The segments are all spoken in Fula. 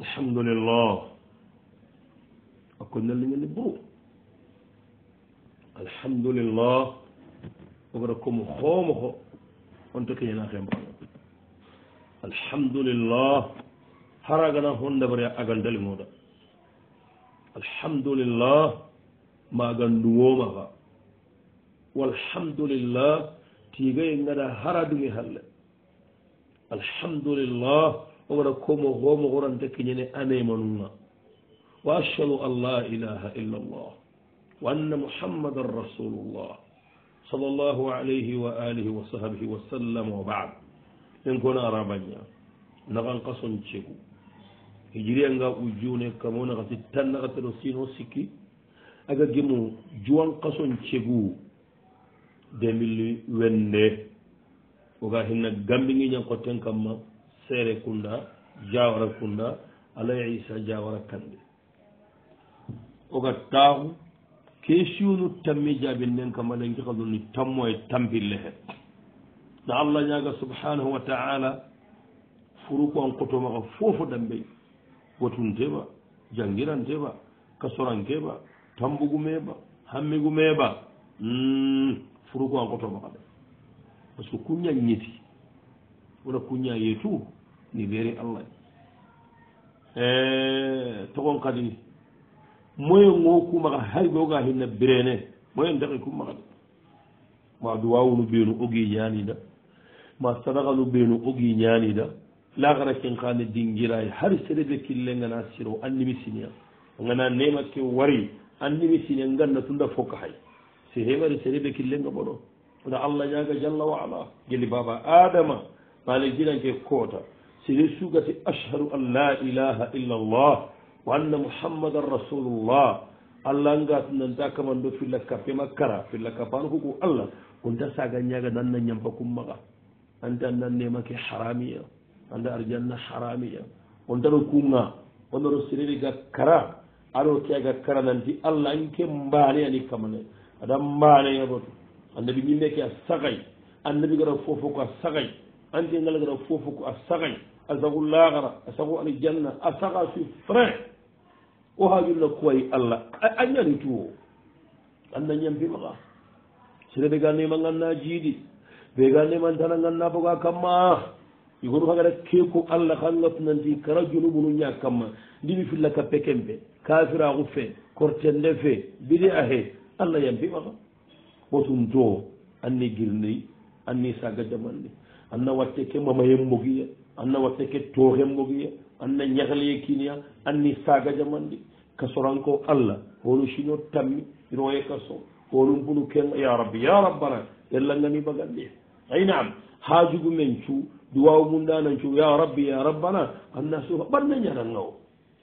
alhamdulillah akkon nelli ñalli buru alhamdulillah ogora komo xoomo xo on to keñana xe mbaxo alhamdulillah haragana hon ndabare agandalimoda alhamdulillah maga nduwomaxa walhamdulillah tigaye ngada haraduge halle alhamdulillah o wara komo homo horanta keñene aneymanunga wa ashadu an la ilaha illa allah wa anna muhammadan rasulullah sal llah alayhi wa alihi wa sahbihi wa sallam wa bad min kona arabaña nakan kason cegu hijiriyanga ujune kamo nakasi tan nakatero sino sikki aga gemu juwan kason cegu demilli wende oga hinna gambingiña kotten kamma seere kunda jawara kunda alay isa jawara kande oga taaku ke siwnu tammi jaabi nden kam alen kikaduni tammo e tampille hen na allah ñaga subhanahu wa taala furu ko an kotomaka fofo dambey watunteba jangiranteba kasorankeba tambugumeba hammigumeba mm, furu ko an kotomaka de par ce que kuña ñeti wona kuña yeetu ni weere allah e togon kadi moyen ngo kumaka hay goga hinna brene moyen daqe kumaka de ma duwa wunu ɓeenu ogi ñanida ma sadaka nu ɓeenu ogi ñanida lakara ken kane dingiray har sedeɓe kille ngana siro andimi sinia ngana nema ke wari andimi sinia ganna tunda fokka hay si hewari sedeɓe killenga ɓoɗo oda allah ñaga jalla wa ala gelli baba adama malik jinanke koota سيسوغة أشهر أن لا إله إلا الله وأن محمد رسول الله الله نغات ننتاك من دو في لك في مكرا في لك فانه هو الله كنت ساقا نياغا نانا نيمبكم مغا أنت أننا نيمك حرامية أنت أرجلنا حرامية أنت نكونا أنت لك كرا أنت كيغا كرا ننتي الله إنك مباني أني كمان أدا مباني يبوتو annabi ñimmeke a sagay annabi gara fofo ko a أنت andi ngal gara fofo asagu lagara asagu an janna a saga su frin o hajulla kuway allah a ñani tuwo anna ñampimaga serede ga nema ganna jiidi ɓe ga neman tana ganna foga kamma a igoru hagara keko allah ka gatunanti kara junubunu ña kamma ndimi filla ka pekenpe kafiraku fe kortende fe bidi a he allah yampimaga wotum to anni girndi anni saga jamandi anna watte kemma ma yen mogiya anna watte ke tohemmogiya anna ñahleye kiniya anni sagajamandi kasoranko allah honu sino tammi iroye kason honum bunu ken ya rabbi ya rabbana yallangani bagande ay naam hajugu men cu di waw mum dana cu ya rabbi ya rabbana anna suha ɓanna ñananga o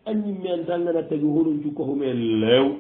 añimmen tangana tagi honum cu kohume lew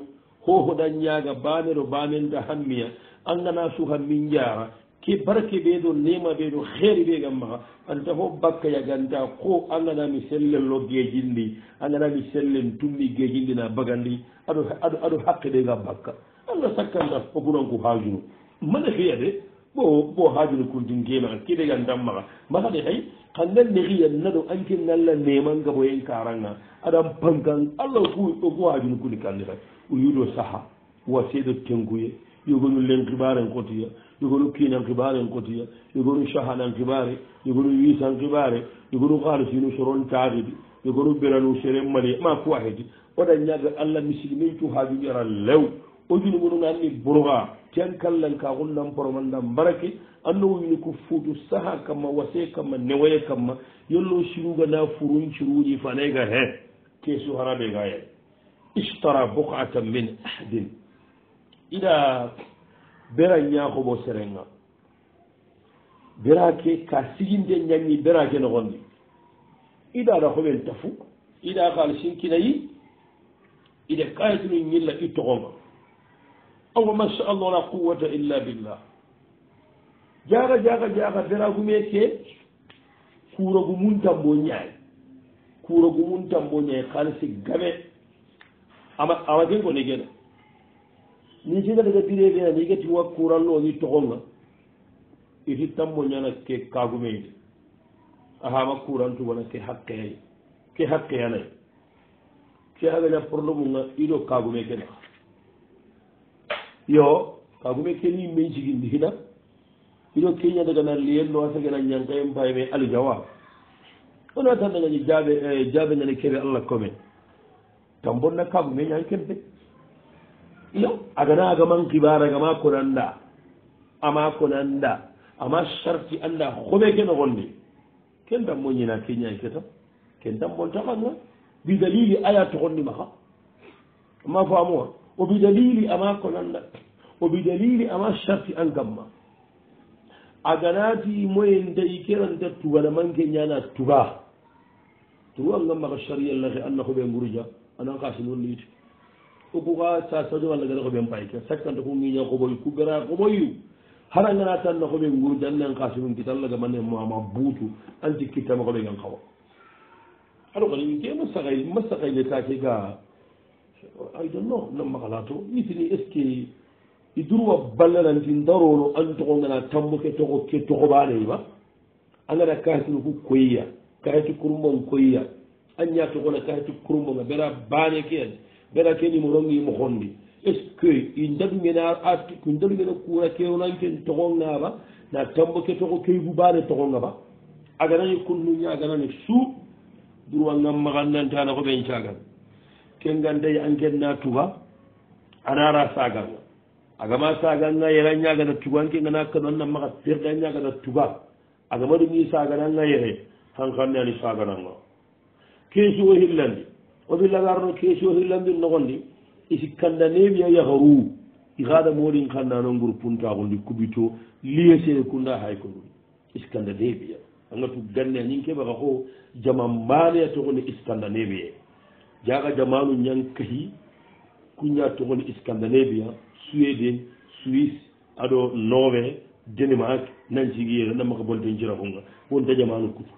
hohoɗan ñaga banero bamen da hammiya angana suha min jara ke barke ɓee ɗo nema ɓee ɗo xeeri ɓee gam maa anta fof bakka yaganta ko anganami sellel lo geejinndi anganami sellen tummi geejinndina bagandi aɗo aɗo aɗo haqqe ɗe ga bakka allah sakkanta o ɓuranku haajunu mana fiya de bo bo haajunu kuntin kema ke ɓe gantan maa mala ɗe hay xandan nexiya naɗo ankin allah neman gaboyen karanga aɗan pankan allah fu ogu haajunu kuni kandi ta o yiɗo saha wa seeɗo tenkuye yogonu lenkibaren kotiya yogoru kiinan kibaare n kotiya yogoru sahanan kibaare yogoru wiisan kibaare yogoru haalisinu soron taaridi yogoru beranu sere mali ma kuwaheti oɗa ñaga allah misigi min cuhaaju ara lew o juni munu ganni burga ten kallan ka gonnan poromanda mbarake anno wuyni ko fuutu saha kamma wasee kamma newoye kamma yollo siruga na furun siruuji fanega he te su harabe gaye istara bokatan min ahdin ida bera ñaaxumo serenga berake ka siginte ñanni berake noxondi ida da xoɓen tafu ida xaal sinkinayi ide kayitunu ñilla i toxonga ango masaallah la quwata illa billah jaaxa jaaxa jaaxa beragume ke kuurogu muntambo ñaay kuurogu muntambo ñaay xaalisi game ama ama gengo ne gena ni sidatata pireɓena nigati wakkuralla oni togonga iti tammoñana ke kagumeyde aha wakkurantubona ke hakkeyay ke hakkeyanay ke hagaña problemenga ido kagume kena yo kagume keni men cigindihina ido keñadagana liyello asagana ñankayen bayme aljawa onatandagañi jaabe eh, jaabe ngani keɓe allah komen tambonna kagume ñan kenpe iyo agana agaman kibaragama konanda ama konanda ama sarti anda hoɓe ke nogonde ken dammo ñina keñay ketam ken dammontaxanga bidalili aya toxonni maxa ama famuwa o bidalili ama konanda o bidalili ama sarti an gamma aganati moye ndayi keranta tuga namanke ñana tuga tuga ngammaxa sariallaxe anna hoɓe nguruia anan xasinonliti uppu ka sa sojoɓal ngare koɓen payke sakkanta ko ngiña koɓoy kuɓɓera koɓoyu hara ngana tanna koɓe guurdi annen kasimum kita allaga mane mama buutu an sikkittama koɓe gan kawa aɗo kadi ke ma sakay ma sakay le take ga aydo no nan makala to itini est ce que i durwa ballananti darolo an togo ngana tambo ke togo ke togoɓaley ba a ngara kayitini ku koyya kayiti kurumbon koyya an ña togona kayiti kurumbonga ɓera baane ke ani ɓeɗa keni mo rongi mo honndi est ce que i ndaɗugene art ko ndaɗugene cura kewnaiten togonŋaaba na tambo ke togo keygu baane togonŋa ba aganani konnuña aganani suu durwa ngam maxannantana ko ɓen cagal kengandayi angenna tuba anara sagalga agama sagalga yere ñagana tuga ankengana kanoanna maxa serda ñagana tuga agama ɗumi sagananga yere hankanne ani sagananga kesuwo hillandi wabillagarno keesio hillandir nogondi i sikkanda neɓiya yaharu i gaada moɗin kannano gurpuntagondi kubito liyesere kunda haykonuri iskanda neɓiya angatu ganne añin keɓaka ko jama mbaneya togoni iskanda neɓiya jaga jamanu ñang kahi kuña togoni iskanda neɓiya suéden suisse aɗo nove denemark nancigiyeda namaka bonten cirakonga wonta jamanu kutu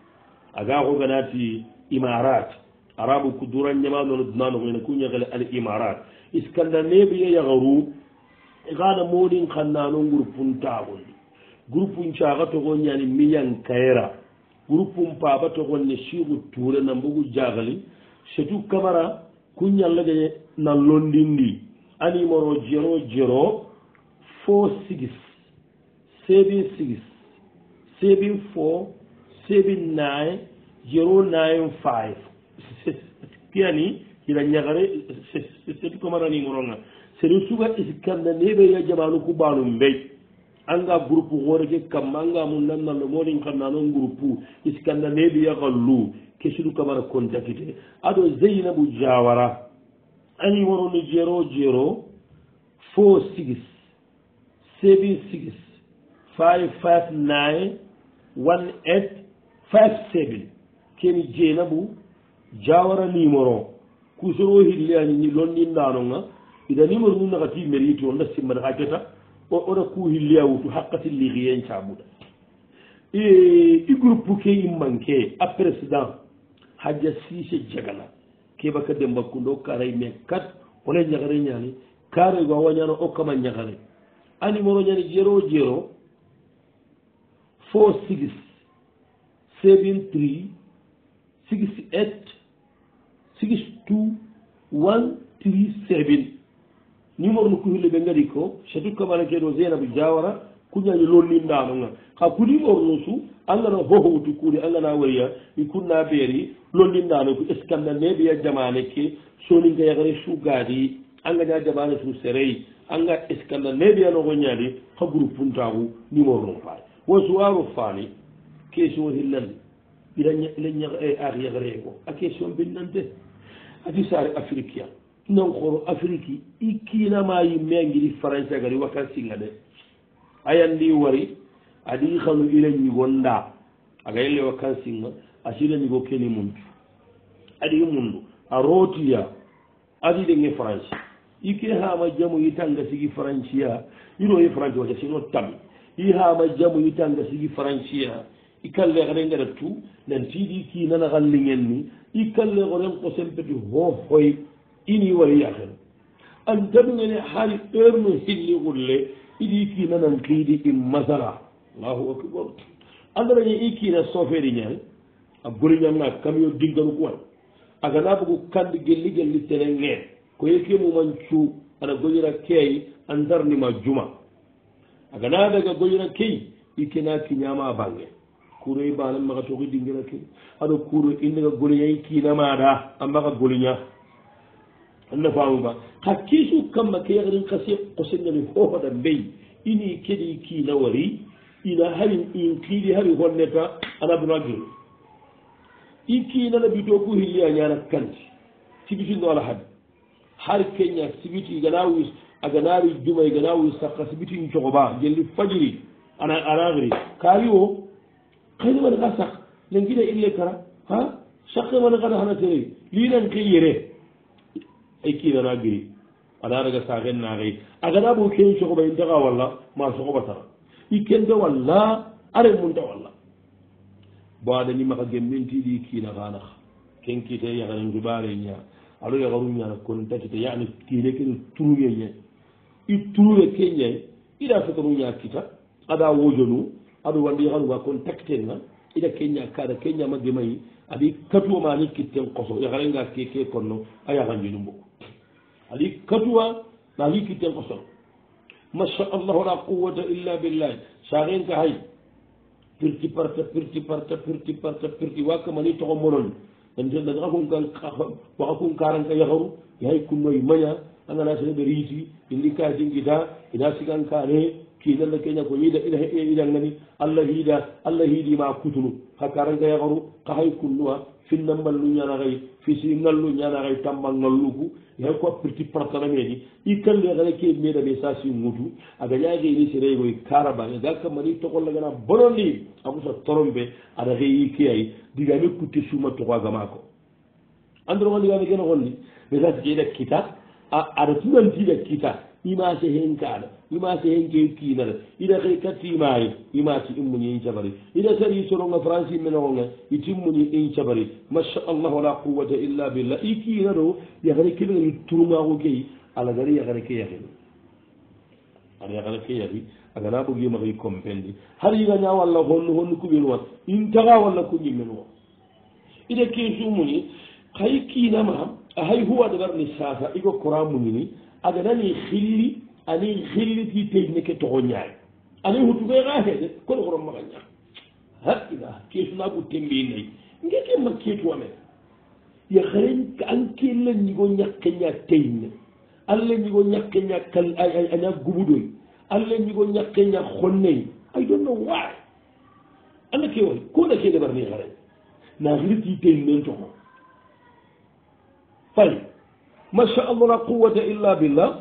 aga ko ganati imarate arabu kudura ñamanono dunanogoyna ku ñagele al imarat iskanda neɓe ye yagaru gana moɗin xannano groupe n tagondi groupe n caga togon ñani miyan kayera groupe n paba togon ne sikhu ture nambogu jagali setu camara ku ñallege na londindi a numéro zero zero four six seven six seven four seven nine zero nine five ɓiyani hira ñagare seti comaranimoronga seri suga kamna neɓeya jamanu ku ɓanum mbey anga groupe xoore ke kam anga mu nannallo moɗin xamnano groupe iskanna neɓeya xa lu kesinu kamara contacte ato zeinabu jawara animoro ni jero jero four six seven six five five nine one eight five seven keni jeenabu jawara numéro kusoro hilleani lonninnanoga ida numéro nu naxa timeri ti onda simmata xa ceta ona ku hillea wutu xaqati ligiyen cabuda e, i groupe ke i manque a président xaja sise jagala kebaka dembakundo karay mais kat ole ñaxare ñani karego awañano o kama ñaxare a numéro ñani jero jero fo six sevin tri six et six two one tri seven numéro no kuhille ɓe gaari ko chatut kamalakeɗo zeynabe diawara kuñaño lollinɗanoga ha ko numéro no su angana hohowtu kuuri angana wariya mi kurna beeri lollinɗano ko eskanna neɓiya jamanekke soninga yagare sugadi angaña jamane su sereyi anga eskanna neɓiyanogo ñaadi ha groupe puntagu numéro no faani won suwaro faani question hillande ɓiraña ɓilañag e- ari yagareko a question binnante ati saari africia nan koro afriki i kiinama yimme a ngiri france gari wakka singa de ayandi wari adi xanu ila ñigonda aga yelle wakka singa asila ñigo keni muntu adi mundu a rotiya adi denge france i ke hama jamu yitanga sigi francia iro ye france wacca sino tam i hama jamu yitanga sigi francia i kalle xadengeda tu nan tiidi kiinanaxa lingen ni ikkalle goren qosempeti hohoy ini waliyaken an tabngene hari ɓerno hilli ulle iɗi kinanan kiidi i masara allahu akbar andarañe i kiina soferi ñan a goliñanga camion dingaru kuway agana bugu kand gelli gelli tene ngeen koye ke muman cu ana goƴira key an darnima juma agana daga goƴira key i kena kiñama bangge kuro i e baana maxa toxi dingena ke ado kuro i naga goliña i e kiinamaɗa a maxa goliña anna famuba xa kiisu kamma ke yaxarin xasi qosengani hoxoda mbey ini kedi e kiina wari ina harin in xiidi hari honneta ana duna gir i kiinana bito ku xilli a ñana kanti sibitino ala had har keña sibiti gana wis a ganari jumay gana wis saqa sibitin coxoba jelli fajiri ana ana xiri kaari wo kañum waɗa ka sak nen gida ille kara ha sakke waɗa kada hana tere linan ke yere ay kiirana giri ala raga saken naxey a gada bo ken sogoɓa in taxa walla ma sogoɓa tara i kente walla are munta walla bo adani maxa gemmentiɗi kiina xanax ken kiite yaxane ndubare ña aɗo yaxaru ñana konta kite yani kiine kene turuge ñay i turuge ke ñay ida fekanu ña kita ada wojonu aɗo waɗi hanwa kon taktenga ida keña kaara keña magge mayi aɗi katuwamani kitten koso yaxarenga keke konno a yaxanjinu mbo aɗi katuwa naaki kitten koso masha allahu la quwata illa billahi saxenka hay pirti parta pirti parta pirti parta pirti wakamani toxo monoñ waxa kun karanka yaxaru yahay kunnoy maña angana sene ɓe riiti indi kaa jingita ina sigan kaane kiidalla keña ko wiida ina heƴe inangani allah hiida allah hiidima kutulu hakkaranga yakaru kahay kunnuwa finnamballu ñanahay fisi ngallu ñanahay tamba ngalluku hay ko pirti partanameeni i kalle kane ke meɗame sa si ŋutu aga ñage ini sereygoy karaba ga kammani togollagana bononni akusa torombe aɗa he yi keyay digame kutte suma togo agama ko andirogo digame kene holni mais sa si ƴeyɗa kita aɗa tunantiɗa kita imaase heen kaaɗa imaase heen ke kiinare ina ke kattimaayi imaasi immuñi in cabari ina tari soronga france menoxonge itimmuñi in cabari machallah wala quwata illa billah i kiinaro yaxare kelengeri turumaaxu keyi alagari yaxare ke yaxin ara yaxare ke yaxi agana ɓogimaxi compendi har yiga ña walla honnu honnu kuɓenuwa in taxa walla kuñi menuwa ina ke sumuñi xay kiinama a hay huwa ɗegar ni sasa igo coura muñini aga nani xilli ani xilliti teyneke toxo ñaay ani xutugeexa xeede kon xoro maxa ñaax ha ila keesunaagu tembe nay ngeke ma keetuwa mene ya xeren an kela ñigo ñakke ña teyne alla ñigo ñakke ña kal aña gubudoy alla ñigo ñakke ña xonney ay donno waay anda ke way ku na ke debar ni xeren na xilliti teyne men toxo fay masallah la quwata illa billah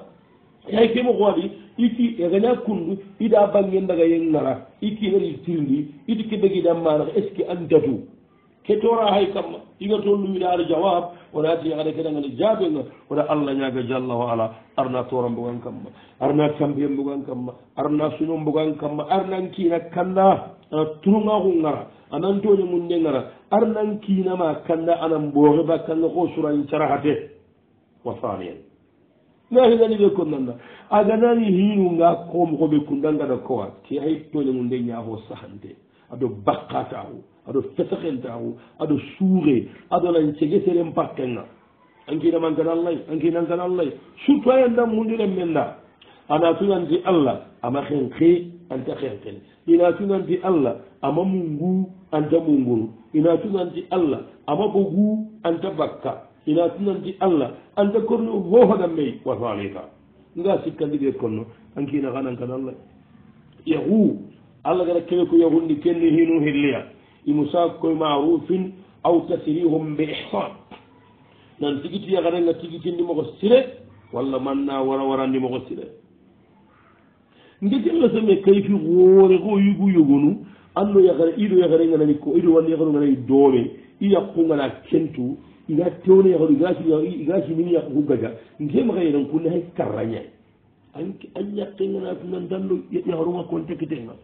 yay kemo xoaɗi iki egaña kundu ida bangge ndaga yeg nara iki nari tirndi idi ke begida manax est ce que an gadu ke tora hay kamma iga tollu wiɗa ar jawab wona ti xaɗa keɗangane jaabenga wona allah ñaga jalla wa ala arna tora mbogan kamma arna kambiye mbogan kamma arna suño mbogan kamma arnan kiina kanna ana turunga xu ngara anan toñe mun ne ngara arnan kiinama kanna anan mboxe ba kanga ko surañ caraxate وثانيا na hilani ɓe konnanna a ganani hinuga komokoɓe kundangaɗa kowa ke hay toñe mum nde ñaho sahante aɗo bakkatahu aɗo fesahentahu aɗo suure aɗo nan cege seren pakkenga ankinaman tan allahy ankinan tan allahy surtout ayandan mundiren men da ana tunanti allah ama henke anta henkene ina tunanti allah ama mungu anta munguru ina tunanti allah ama bogu anta bakka ina tinanti allah anta kornu hohoɗan mey wa faalita nga sikka ndiɗe konno ankina xanankan allah yahu allah gara kene ko yahundi kenni hinu hilliya imusa koye marufin aw tasrihum be ihsan nan tigiti yaxananga tigitindi moxo sire walla manna wara warandi moxo sire ngetinga same kayfi woore xo yugu yogunu anno yaxare ido yaxarenga nani ko ido wanni yaxarunga nani doome i yaqunga na kentu iga tewne yaxoɗ iga iga simini yaq ku gaja ngem xeyenan kuna xe karrañe a ñaqinana tuna ndallo yaxoruga konte kitenga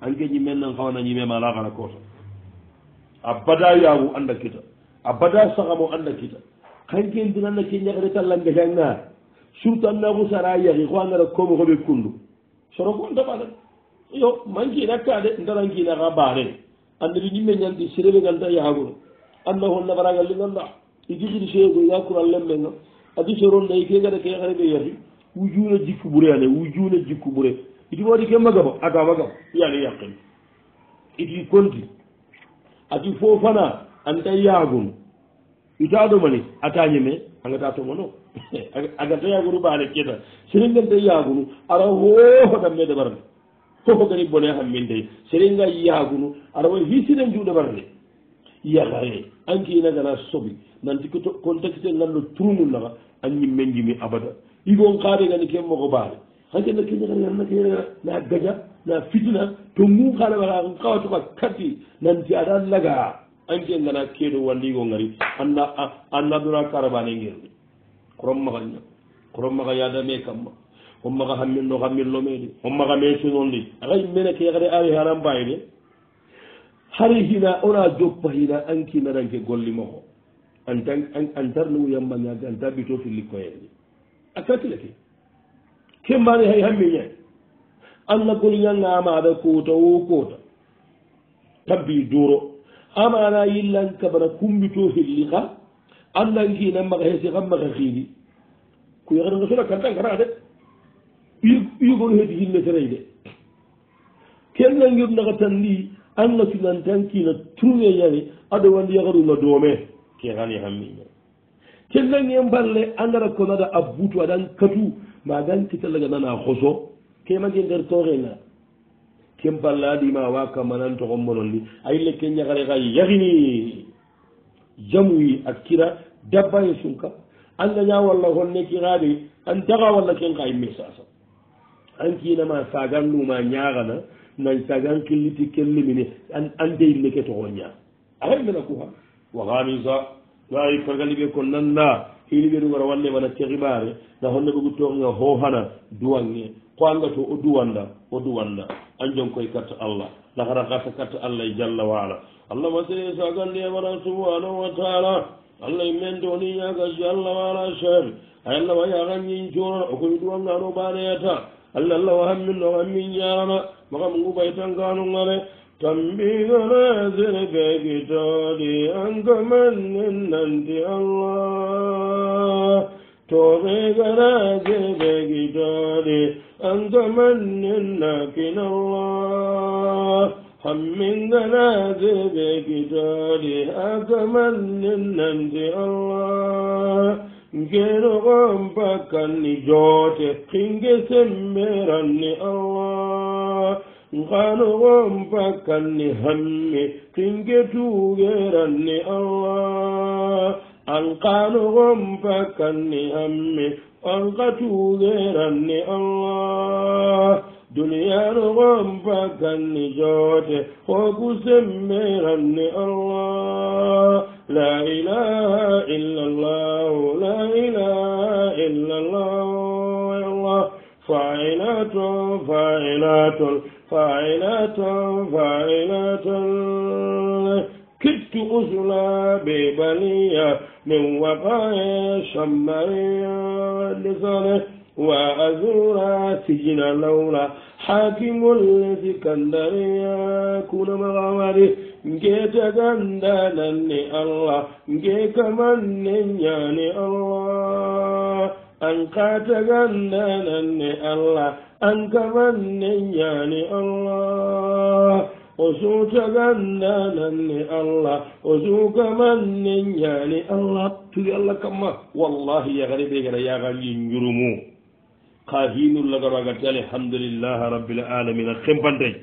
anke ñimenan xawana ñimema la xana koosa a bada yaagu anda kita a bada saxamo anda kita xankeen dina na ke ñaxre ta langajanga surtout an naaxu sara yaxi xo angara koome xoɓe kundu soro konta baada yo mankiina ka de ndarankiina xa baaden anderi ñimme ñandi sereɓegan ta yaagunu annahu nabaragalli ganda igijini seego yakural lembenga adi soronday ke gada ke xare ɓe yati wujuna jikku ɓure ane wujuna jikku ɓure idi waɗi ke magaba agamagaba yani yaqin idi konti adi fofana anta yagun ita domani atañeme angata tomono aganta yagunu baane keta seringanta yagunu ara hohoɗamme debarde hoho gani bone hamminde seringa yagunu ara wa hisinen juɗe barde yahaye anki ina gana sobi nanti koto contexte lanno turunulaga a ñimmenjimi abada igon xaregani ke mogo baare xankena keñaxaanakeaa na gaja na fitna to ngu xaaraaxan xawatoxa kati nanti ada laga anke ngana keeɗo walligo ngari anna annadona karabane ngerni korom maxaña korom maxa yadame kamma o maxa xammin no xammin lo meede o maxa mesinon ndi axay mene ke xare ari hanan baayi de hari hina ona joppa hina ankimeranke gollimoho an tarnowuyammañage an tabito fillikkoyenni a katileke kembani hay hammiñay allah golñangaamaɗa kota wo kota tabbi duro amana yillan kabana kumbito hilliha andankina maga hesi kam maga hiini kuyaxeroga sona kantankara de ɓiygon heti hinne terey de kennangirnaxa tan ndi anna filantankina tuwe yani aɗo wandi yagaruna doome ke hani hammiña kellange balle andara ko nada a butu aɗan katu ma gan kitallaga nana hoso ke mage nder toxenga ken balle aɗima wa kammanan toxon mononni ayille ke ñagare xa yaxini jamuyi a kira dabbaye sum kam andaña walla honne kixaade an taxa walla ken xa imme sasa an kiinama saganduma ñaxana nan sagan killiti kellimini an deyilleke toxo ña axe mena kuxa waxamisa ai pargalibe kon nanda hiliɓenugara walle mana kexibare na honne bugu toxinga hoxana duwange ko angato o duwanda o duwanda an jong koy carte allah naxara xasa carte allah jalla wala allahma se sagandiyamana subhanahu wa taala allah men doni ñaga jalla wala cher a yallama yaxa ñincuona okoy duwangano baneyata alla lawa hammi lo hammi ñaama makam ngubay tan ganu ŋane tambigana sene kegitoodi ankamannin nanti allah toɓegana sene kegitoodi ankamannin nakin allah hammingana sene kegitoodi ankamannin nanti allah ngerogon bakkanni joote xinge semmeranni allah ganogon bakkanni hamme xinge tugeranni allah alkanogon bakkanni hamme alka tugeranni allah duniyanogon bakkanni joote hogu semmeranni allah لا إله إلا الله لا إله إلا الله يا الله فاعلة فاعلة فاعلة فاعلة كدت أزلى ببنية من وفاء شمرية لسانه وأزور سجن لولا حاكم الاسكندرية كل مغامره ngeta ganda nanni allah nge kamanni nyani allah an kata ganda nanni allah an kamanni nyani allah o suta ganda nanni allah o suka manni nyani allah turi allah kamma wallahi yagari be gara yagari njurumu ka hinul lagaba gatali alhamdulillah rabbil alamin khimpantay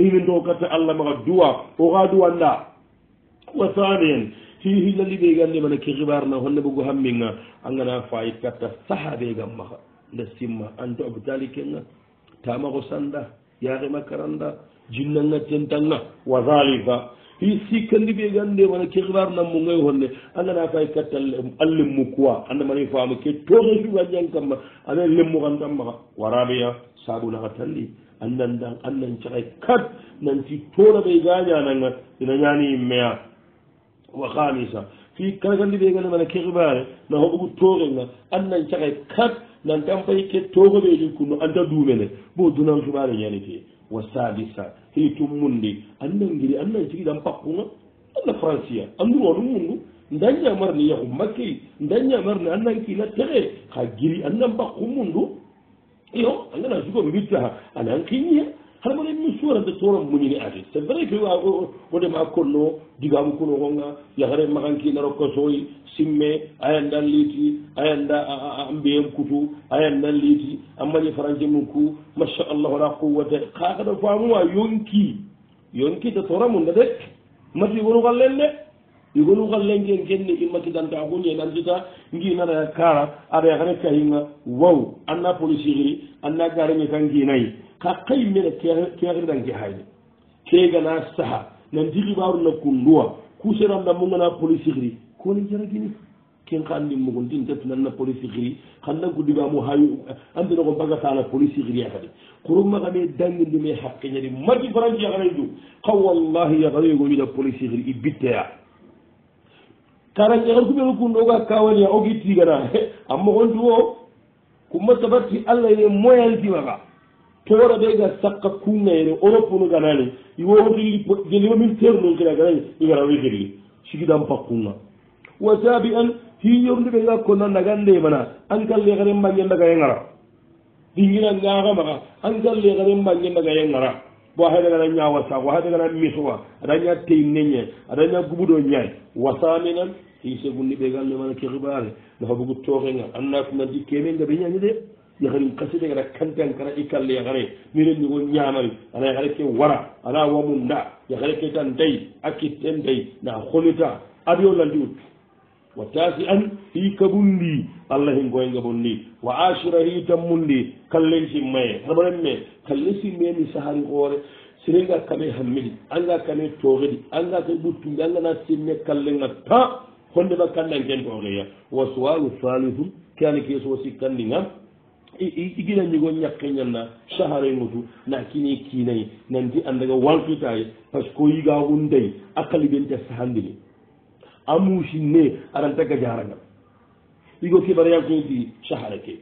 hiwi ndogata allah maga duwa oga duwanda wa thaniyan hi hillali ɓe gande mana ke xibarna honne bugu hamminga angana fayit katta sahaɓegam maha nde simma anto abutali kenga tamaxo sanda yaxe makaranda jinnanga tentanga wa dalika hi sikkandi ɓe gande mana ke xibarna mugay honne angana fayit katta allem mukuwa anda mana faamu ke toxe fiwañangkamma ane lemmuxantan maxa warabeya sabunaxa tandi annan dan annan cakay kat nanti tona ɓe gañananga ina ñani immeya wa kamisa fi kala kandi ɓe gane mana kerbare na hoɓugu torenga annan cakay kat nanti an fayi ke togoɓeɗi kunno anta dumene bo dunan suɓare ñanite wa sadisa hi tummundi annan giri annan cigiɗan pakkunga allah francia andur onu mundu ndañamarni yahu makkey ndañamarni annan kila tere ha giri annan pakku mundu eyo a ngana sugo mbittaha anan kiñiya hala mboɗen min suwatande toona muñini ade c' est vrai que wa wodema konno digamu kono konga yahare makanki naro kosoyi simme ayandan liiti ayanda mbiyen kutu ayandan liiti amaƴe franci mum ku machallah wala quwwata kakaɗa famuma yonki yonki to toona mum de de mati wono gallen de igo nu xallengen kenne immakidanta a xuñe nantita nginana kara aɗaya xane kayinga waw anna policier xiri anna garange kan nginayi xa xay mene kexiridanke hayde kegana saha nanti xibaruna kunduwa ku senanda mugana policier xiri kone jaragini ken xa ni mugontin tet nanna policier xiri xanna gudibamu hayu andinoxo bagatana policier xiri a fadi xurumaxame dangindime xaqqeñadi maki franci yaxanay du xa wallahi yaxanoyegoñida policier xiri i bitteya karan ƴe xarkuɓel kun oga kawalia ogi tigana amma ontu o kumma sabatti allah ye moyanti maga toora ɓe ga sakka kungayene europe nu ganani iwo otili jelio militaire nun kina ganani igara wikirli sigidan pakkunga wa sabi an hi yornde ɓe ga konna ndagande mana an kalle xaren mbange ndaga ye ngara dingina ngaxa maxa an kalle xaren mbange ndaga ye ngara bo hada gana nya wasa wa hada gana miswa adanya tinnenye adanya gubudo nyai wasaminan hise gunni be galle mana ke khibare na fa bugu toxenga anna ko nadi kemen da be nyani de ya harin kaside gara kantan kara ikalle ya gare miren ni gon nyamari ana ya gare ke wara ana wa munda ya gare ke tan dai akiten dai na khonita abiyo landu wa tasi an fi kabundi allah hin goynga mon ni wa ashira hi tammun ndi kallen si maye haɗaɓaren me kalle si meni sahari hoore sirenga kame hammidi anga kame tooxidi anga ke ɓuttundi angana sinne kallenga ta honde ɓa kamnan ken tooxeya wa sowalu salihum ke ani kee soo sikkanndinga igina ñigo ñakke ñanna sahare ngutu na kini kiinayi nanti andaga wankitaye par ce que yigaxu ndey a kaliɓente sahandini a muusinne aranta gadiarangam igo kibaryaguudi sahareke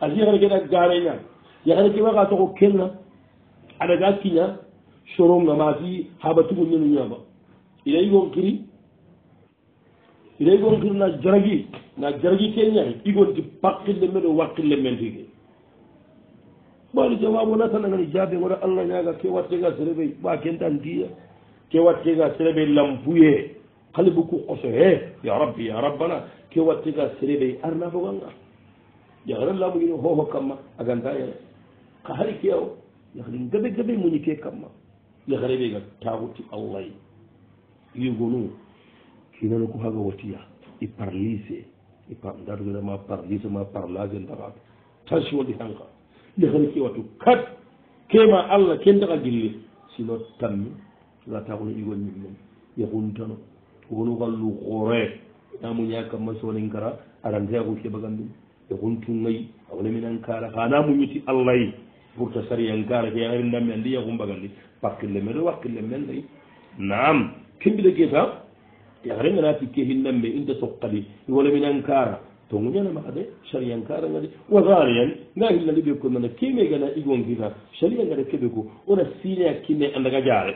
asiyaharekeda gareña yahareke waga toko kenna adaga kiña soronga maati habatugu ñenu ñaba ida igo kiri ida igo kiri na jaragi na jaragi ke ñahi igonti pakkille mede wakkille mentike ɓaɗi jawabu natanagani jabe goɗa allah ñaga ke watkega sereɓe ɓa kentan diya ke watkega sereɓe lampuye qalbu ku qoso e ya rabbi ya rabbana ke wattiga sereɓey arna foganga yaxiran lamu ino hoho kamma a ganta yere ka hari ke o yaxri gabe gabe muñi ke kamma yaxareɓega taxuti allahy yegonu kinano ku xaga watiya i parlise i ndatugedama parlise ma parlage ndaxa tension di xanga yaxri ke watu kat kema allah ken taxa gille sino tammi la taxuno igo ñimmen yaxuntano tonugallu gore namu ñakamma sonin gara arantego keɓagan ɗum e huntugayi awna minan kara ha namu ñiti allahyi pourta sariyan kara ke ari dammi andi yahumbagan ɗi pakkille meɗo wakkille men dayi nam kembiɗo geeta yaarengana sikke hinnamɓe inta sokkali wala minan kara toguñanamaa de sariyan kara ngadi wa zaliyan nga hillaɗi ɓe kon mana kemegana igon kita sariya ngaɗa keɓe ko ona sine a kinne andaga jaare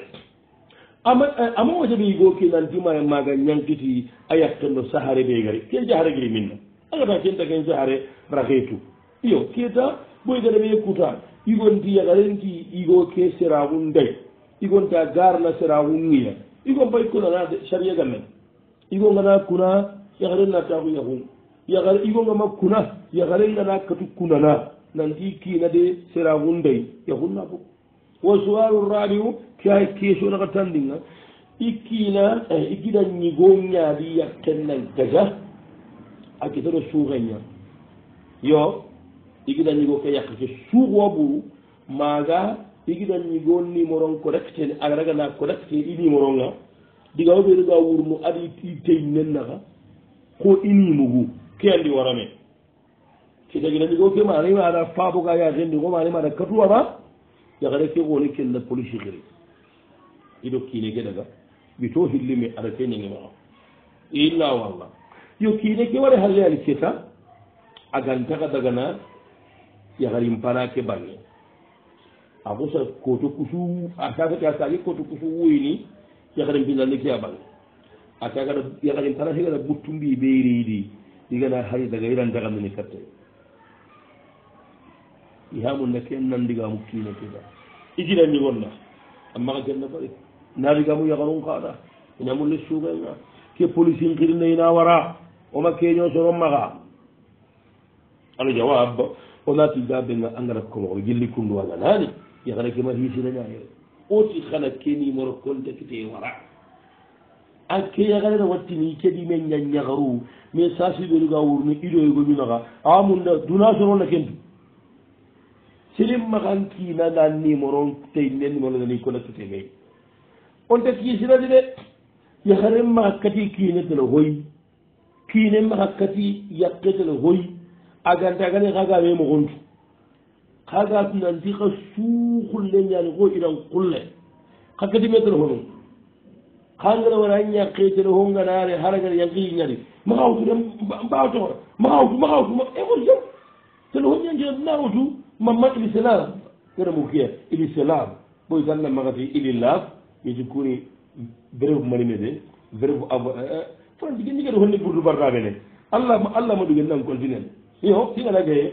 ama eh, amo jami goki nan dima e maga ñangkiti a yaftondo sahare ɓe gari ke jahare gari minna agata ken taken sahare rahetu iyo keta ɓoy gada ɓe kuta igonti yakarenki igo ke sérawun ndey igonta garna sérawun ngiya igon bay kunana de sharia ga men igongana kuna yakaren nataku yahum yakar igongama kuna yakarengana katu kunana nanti kina de sérawun ndey yahunna fok wo suwaru rabiu keesuna ka tandinga ikkiina eh, ikkiina ñigo ñaadi yattennan gaja a kitaro suuxeña yo ikkiina ñigo ke yaq ke suux wo buru maaga ikkiina ñigo numéron correcte a ragana correcte i numéronga diga o ɓeeduga wurnu adi i tey nen naxa ko i nimugu ke andi warame ke tagina ñigo ke maanimaada faabuga yaxendi ko maanimaada katuwaba yagare ke woni kenna police xiri ido kiine genaga bito hillimi arete ñangimaxa illa walla yo kiine ke ware halle ali ceta a gantaxa dagana yagarim pana ke bange a xusa koto kusu a cafete a sage koto kusu woyini yagarim binane ke a bange a cagara yagarim pana xegana buttumbi ɓeyriidi igana xaye daga iran taxa nene kattay yihamu ndake nandigamu kiina kega ijirani wonna amma ka genna bari nandigamu yakarun kaata inamulle sugaynga ke police inkirina ina wara oma keño soro maga ano jawab onati gabenga angara komoko gilli kundu wanga nani yakara kema hisiranaye oti xana ke numéro contacte wara a ke yakarena wattini kedime ñañagaru mais sasiɓeluga wurni idoygo minaga awamunda duna soronna kentu serimma han kiina na numéro te ne numéro nani connectete mey on te kiisinadi de yaharemma hakkati kiine tene hoy kiinemma hakkati yakke tene hoy agante agani haga we mogontu haga tunanti ha suukulle ñani ho iran kulle hakkati me tene honum hangana wara ñakke tene honganaare haragana yankii ñani maxawtu de mbaw toxo maxawtu maxawtu e ko jom tene hoñanjeo nawatu mamman ilislam wera mo kiya ilislam ɓoy tan namagati ililab yeti kuni vrevu malinede vrevu eh, eh, fran digi ndigati honni ɓurdu bardamene allah allah ma ɗugen nan continuel yo siganake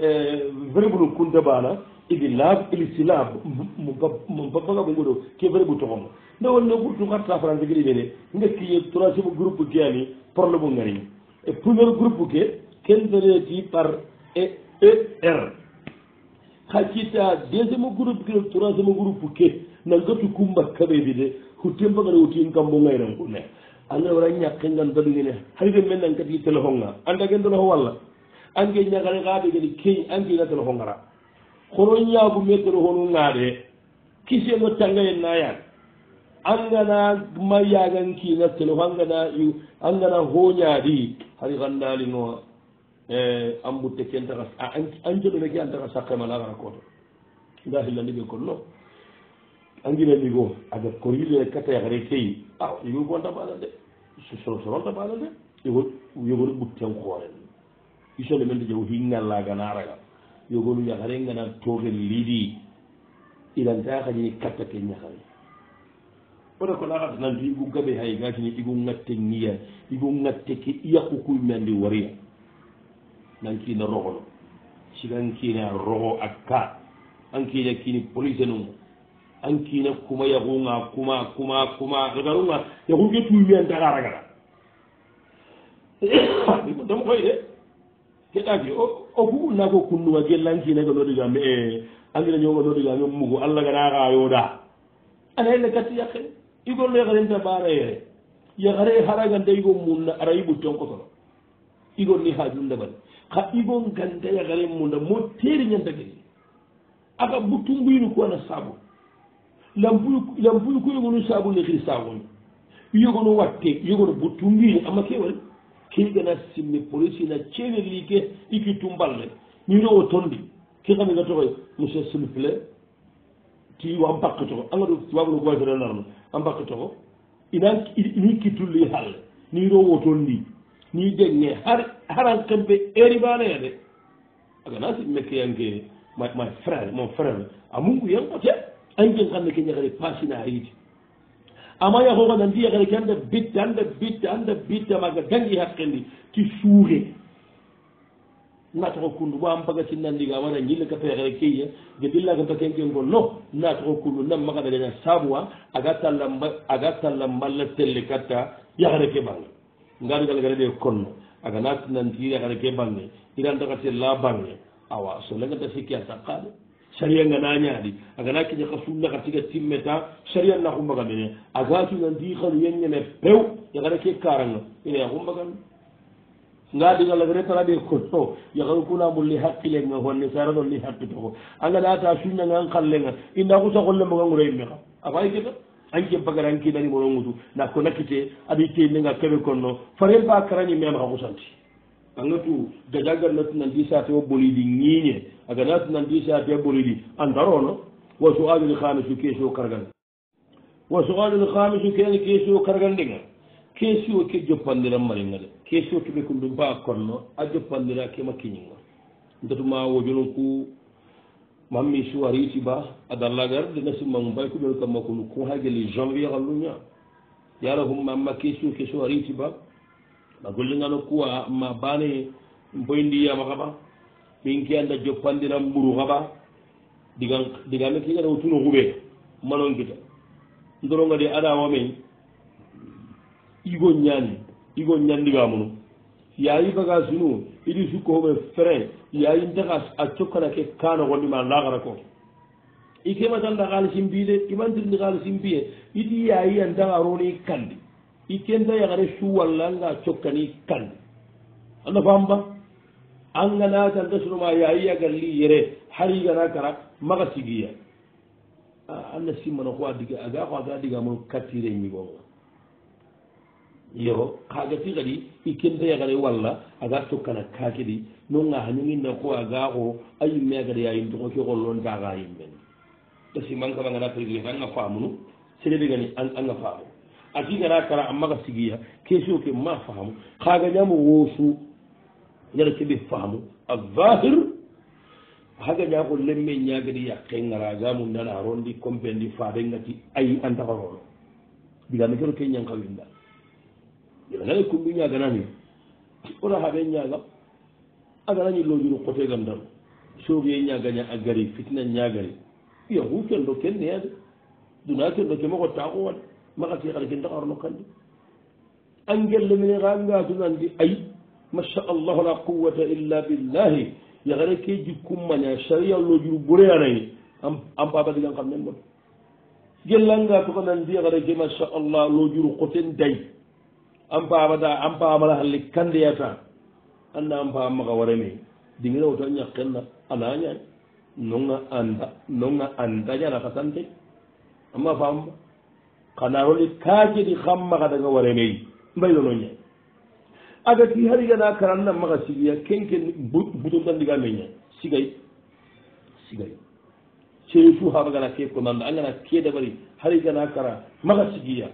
eh, vrevu ɗu kunta bana ililab ilislam mbabagaɓo goɗo ke vrevu tokomo nde wonno ɓurtu garta fran digi ɗimene gakkiye troisiéme groupe kiyani probleme o gari e premier groupe ke kentereti par e er ha kitta deuxiéme groupe ke troisiéme groupe ke nangatu cumba kaɓeɓe de hutembagaɗa wotin kambo gayran kune ala wara ñakke gandaɗugene hayde men nankati téléphone ga andage ndeno ho walla anke ñagare gaɓe gene keyi ankega téléphone gara hono ñaagu metere hono gaaɓe kisego tangayen nayan angana ma yagankina téléphone angana angana hoñaaɗi hay gandalinoa E, ambutte kentara a an joɗoneke antara sakkemanagara koto nda hillandiɓe kolno anginani go aga ko yillene kata yakre keyi a yimi bonta bala de sosoronta bala de yogoni ɓutten hooren isone men de jawo hingallaganaraga yogonu yakare gana togel liɗi ilantaya kañini katta ke ñakare ode ko nagata nanto igu gaɓe hay gasini igu gatte ngiya igu gatte ke iyakukuy mendi wariya nankiina roho no sigankiina roho ak ka ankiina kiini police num ankiina kuma yaxunga kuma kuma kuma garunga yaxu getuy wiyan taxaragara dam koy de keɗaki o fugu nako kunnuma ge lankiinaga noɗigame e eh, angina ñoma noɗigame mugu allah gana xayoɗa anay le kati yaqe igolo yaxarenta ɓaareyere yaxare haragante igo munna arayibu ten kotono igo ni hajundaɓani ka igon gandaya garen munda mo teri nyanda gani aga butumbu yinu ko na sabu lambuyu lambuyu ko yugo nu sabu ne kri sabu ni yugo nu watte yugo nu butumbu yinu amma ke wal ke gana simme polisi na chene like iki tumballe ni no tondi ke kami gato koy monsieur s'il vous plaît ti wa bakko to anga do ti wa ko wa to na na am bakko to ina ni ki tulli hal ni ro wo tondi ni jengge har haran kamɓe eribanaya de agana si mekkiyanke ma frère mon frère a mungu yan ote an jeng hande ke ñagari pasina yiiti ama yahoxo nandi yagari ke anda bitte anda bitte anda bitte maga gangi hakkendi ti suure natoxo kundu bo an baga sinnandiga wara ñille ka pexere keya gedillaga bake ke ngo no natoxo kundu nam maxa na dena sabuwa aga talla aga talla mballa telle katta yagare ke banga ngandal gara ɓe konno aga natinantiri agata ke bangge irantakate la bangge awa so lengata sikki a sakkaɓe saria nganañaaɗi agana keje ka sunna ka tiga timmeta saria na xumbaga mene aga tinanti xanu yeñene pew yagata ke karanga ine a xumbagan nga ɗingala gare taraɓe kotto yaxan kuna mulli haqqi lenga honne saranolli haqqi toxo a ngana ta sunnangan xallenga inda xu sa xolle mbogangura yimme xa a fayi keta anje ke ki dani kidani mono ngutu na nakite abi te tennenga keɓe konno faren ba karañi mema xa xusanti angatu gajagar natu nanti te boli di ŋiñe aga natu nanti te boli di andarono wa soalul hamisu keesio kargan wa soalul hamisu kene keesio karganɗenga keesio ke joppandiran maringa de keesio keɓe kon ɗum ba konno a joppandira kema ma wo jono ku mammi suwariti ba adallagarde nasimmamu mbay kuɓel kamma kono ko haygele janvier a luña yara humma ma question ke suwariti ba ma gollingano kuwa ma bane boyndiyama haɓa min ke anda joppandiram ɓuru haɓa digan digame kegaɗa otuno huɓe manonguita ndorogadi adawamen igo ñani igo ñandigamuno yayi bagage nu idi sukko hoɓe frai yayi ndagas a cokkana ke kanogonɗima lagara ko i kematanda haalisin mbi de imantirndi haalisin mbiye idi yayi a ndagaroni kandi i kenta yagare suwallanga cokkani kandi anda famba anganata ndesnoma yayi a galli yere harigana kara maga sigiya ah, anda simmana ko a diga aga ko aga digamon kattire ñigonga yoro ha gati kadi i kenta yagare walla aga sokkana kakidi nonga hañuginna ko aga ko a yimme agade yayintoko ke gollontaga yimmen parce que manka bangana présidente anga faamunu sereɓe gani anga faamu aki gana kara amaga sigiya question ke ma faamu haga ñamo woosu yara keɓe faamu a vahir haga ñako lemme ñagadi yakke ngara gamu dana arondi compe ndi faaɓe gati ayi antaxorono digame keno ke ñangkawinda yo nane kumbi ñaganani ora haɓe ñagam aganañi lojuru qotegam dam sogue ñagaña a gari fitina ñagari yahu kendo kenneede duna kendo ke maxo taxo wad maxa ke xar ke ndaxarono kandi angelle mene xa ngatunandi ay masha allahu la quwata illa billahi yaxare ke jikkummaña saria lojuru ɓoreanayi an babadigan xam men mot gellangatuxanandi yaxare ke masha allah lojuru qoten day an pamata an pamata halli kandiyata anda an pamaka warami dingira wuta ñakkenna anaña noga anda noga andañana kasante amma famba kana holi kajidi kammaka daga waremeyi mbaydononña agati harigana karanna maka sigiya kenken butontandiga meña sigay sigay cerifu habagana ke ko nanda angana ke dabari harigana kara maka sigiya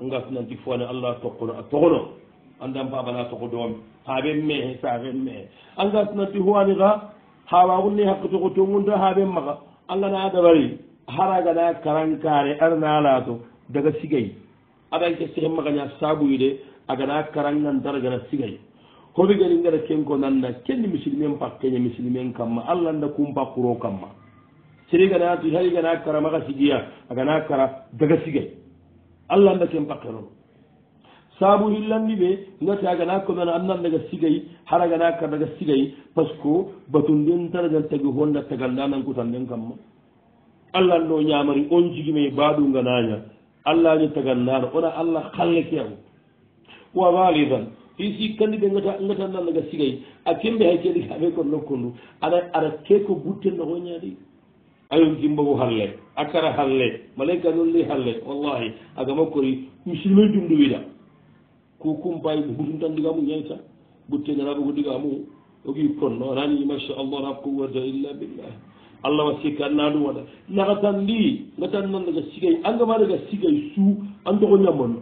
ngasnanti fone allah tokkono a togono andan babana toko doome haɓe mehe saren mehe a ngasnanti howani ga ha wawunne hakke toko tongunta haɓe maga angana adabari haragana karankare arana laato daga sigay aɗanke sehe magaña saabuyde agana karangantara gana sigay hoɓe gani gara kenko nanna kenni musilmen pakkeña musilmen kamma allah nda kum pakkuro kamma sere ganati hay gana kara maga sigiya agana kara daga sigay allah anndaten ɓakkeron saabu hillanni ɓe gati agana komen annan daga sigay hara gana kar daga sigay par ce que batu nden taragal tagi honda tagal nanan kutan nden kamma allah anno ñamari on jigi mey e baɗunga naña allah ni tagal nana ona allah halleke am wa walidan isi kandi ɓe gata gatannan daga sigay a kembe hay keɗi kaɓe kon nokkondu aɗa aɗa keko buttel nokoñaaɗi ayon jimbagu halle akara halle malaika nolli halle wallahi agama kori musilme dundu wida ku kumpay hutumtan digamu ñayta butte naraɓugo digamu ogi konno anani masha allah la quwata illa billah allah wa sikka nanu waɗa nakatan ndi gatan nan daga sigay angama daga sigay su antoko ñammanu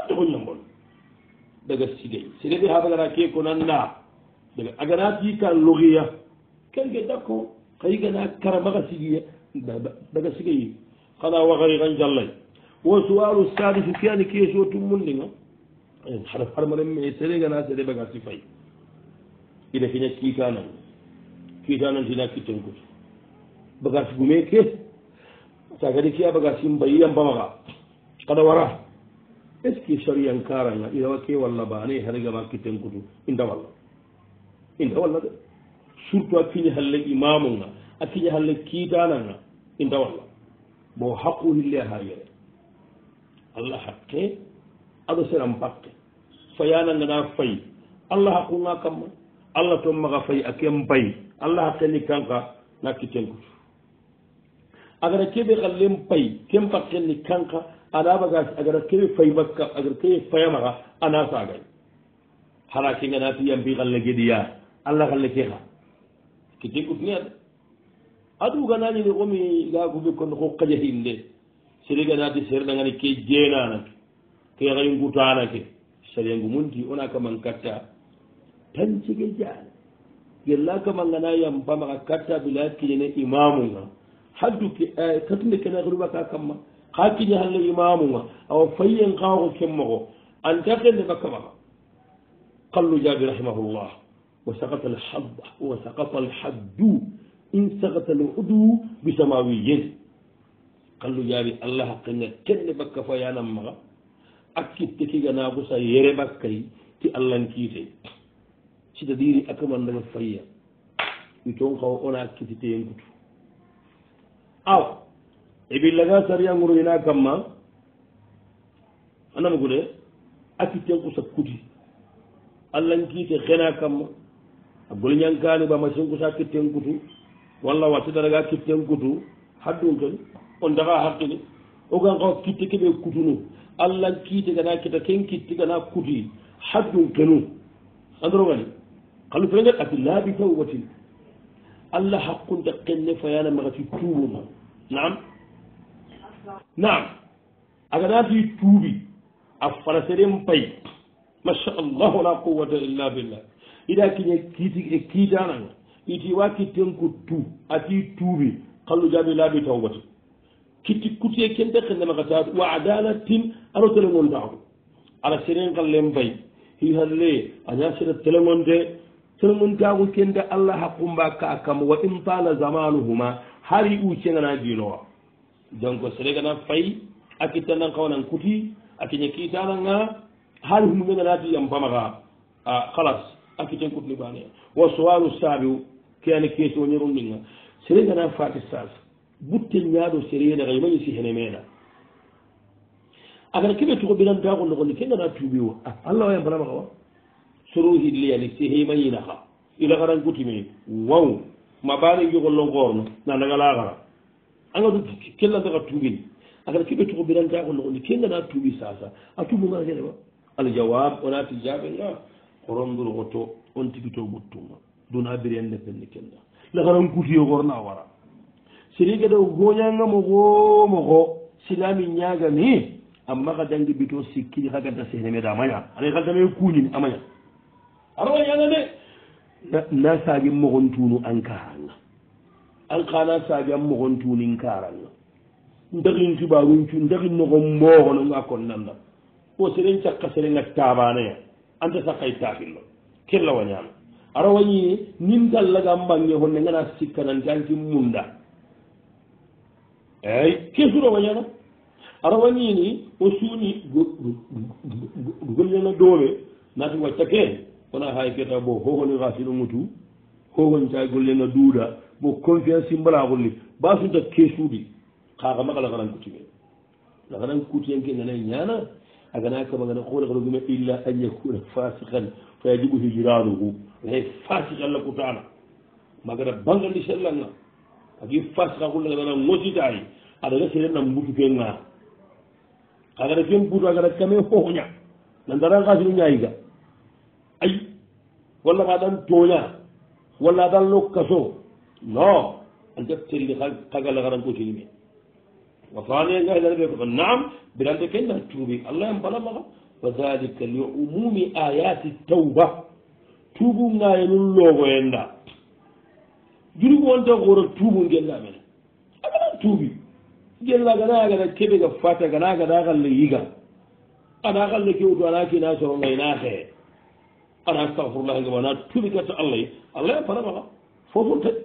antoko ñammanu daga sigay sereɓe ha bagara ke ko nanda daga aganati ka logiya kelge d' accord xayigana kara maga sigiye baga sigayi xana waxarigan jallay wo suwalu sadisu kiyani kiyesuwo tummundinga xar farmare me seregana sere baga si fay ina kina kiitanan kiitanantina kittenkut bagasi gume ke sagadi kiya bagasi mbayiyambamaga xana wara est ce que sariyan karanga idawa ke walla bane haregama kittenkutu indawalla indawalla de surtout a kiñi halle imamunga a kiƴa halle kiidananga i ndawalla bo haqu hillea ha yere allah hakke aɗo seram bakke fayanangana fayi allah hakkunga kamma allah toon maga fayi a ken bayi allah hakkeni kanka na kittenkut agara keɓe hallen bayi ken bakkenni kanka aɗa bagasi agara keɓe fayimakka agara keɓe fayamaha ana sagay hara kenganati yambi halle geɗiya allah halle keha kittenkutni ada aɗuganañini omi gagube kono ko qaƴa hinde sereganati serenagani ke jeenanake ke xay ngutanake sarengu munti ona kaman katta tan cege jaane gella kamangana yam pamaxa katta bila kiñene imamuga haddu eh, katunde kene xiruɓaka kamma xa kiña halle imamuga awa fayyen xaxo kemmoxo anta xende fa kamaxa qallu jabi rahimahullah wa sakata alhaba wa sakata alhaddu in sagata lo uduu bisamawi yen kallu yaawi allah hakkanga kenne bakka fayanan maxa akkitte kiganaagu sa yere bakkay ti allankiite c' est à dire akamandaga fayya i ton xaw ona kititeyen kutu aw ibillaga saria ngur ina kamma anam gude akkitten kusa kuti allankiite xena kamma a golñankani ɓa machin kusa kitten kutu walla watte ga kitten kutu haddun ken on daga o gan ko kitte keɓe kutunu allah kiite gana kita ken kitti gana kuti haddun kenu andorogani kalu ferenga ati laabi tawbatin allah hakkunta kenne fa yana magati tuubuma naam naam aga fi tuubi a faraseren pay masha allah la quwwata illa billah ida kiñe kiti e kidanan iti wa kitten ko tu ati tuubi kallu jaabi laabi tawbata kitti kutie kente kendema ka saatu wa adala tin aɗo telegondaako ala seren kallen bay hi halle aña seda telegonde telegontaako kente allah hakkumba ka kama wa in tala zamanuhuma hari u cengana dinowa donc seregana fay a kittandan kawanan kuti a keña kiitananga hari humu ngenganati yam pamaka a ah, halas a kitten kutini baneya wa suwalu saabiu keane keeso o ñaron ɗinga sere gana faati sas butten ñaaɗo sereyena ka yimañi si hene meena akata keɓe tuko ɓinantako nogondi ke gana tuɓiwa ah, allah wa yambanama kawa soro hilleyani si heymayina ka ila garan kutimi waw ma baane jogollo ngorno nanagalaakara angatu kellantaka tuɓini akata keɓe tuko ɓinantako nogondi ke gana tuɓi sasa a tuɓuga kene wa aljawab onati jaɓenga korondurgoto on tigito ɓuttuma duna biri ende penni kenda lakaran kutiyo gorna wara siri keɗo goñanga mogo mogo silami ñagani amma ka jangi bito sikkiɗi ka ganta sehneme da amaña ana kaltame kuñini amaña aɗa wañangane na saagi mogon tunu an karanga an kana saagi an mogon tuni n karanga ndakin tubaruncu ndakin nogon mogononga konnanda o seren cakka serenga tabanaya anta sakkay tafillo kella wañana ara wañii nin gallaga mbaŋŋe honne ŋana sikkananti anti munda ey kesuro wañana ara wañiini o suuni gollena doome naati wacca ke wona hay keta bo hohoni hasino ŋutu hohonta gollena duuda bo confiance imbala holli basunta kesuudi kaaka makala karan kutime lakaran kutiyen ke ŋanay ñaana agana kama gana kona kama gima illa an yakuna fasikan fa yajibu hijranuhu ay fasikan la kutana magana bangandi sellanga agi fasika kulla gana ngositayi adaga serena mbutu kenga agana ken butu agana kame hohonya nandara kasiru nyayiga ay walla ka dan tonya walla dan lokkaso no anta telli kagala garan kutinime wa fane gaynaɗe ɓe koko naam biranɗe kenna tuuɓi allah hen bala maka wa dalika lio umumi ayati tawba tuubum naye nun loogo henda jurugu wonta ko woto tuubu gella mene agana tuuɓi gella gana gana keɓe ga fata gana gana galle yiga aɗa galle kewtu ana kina soro gayna hee aɗa astahfirullah gam ana tuuɓi gatta allahy allah hen bala maka fofon tati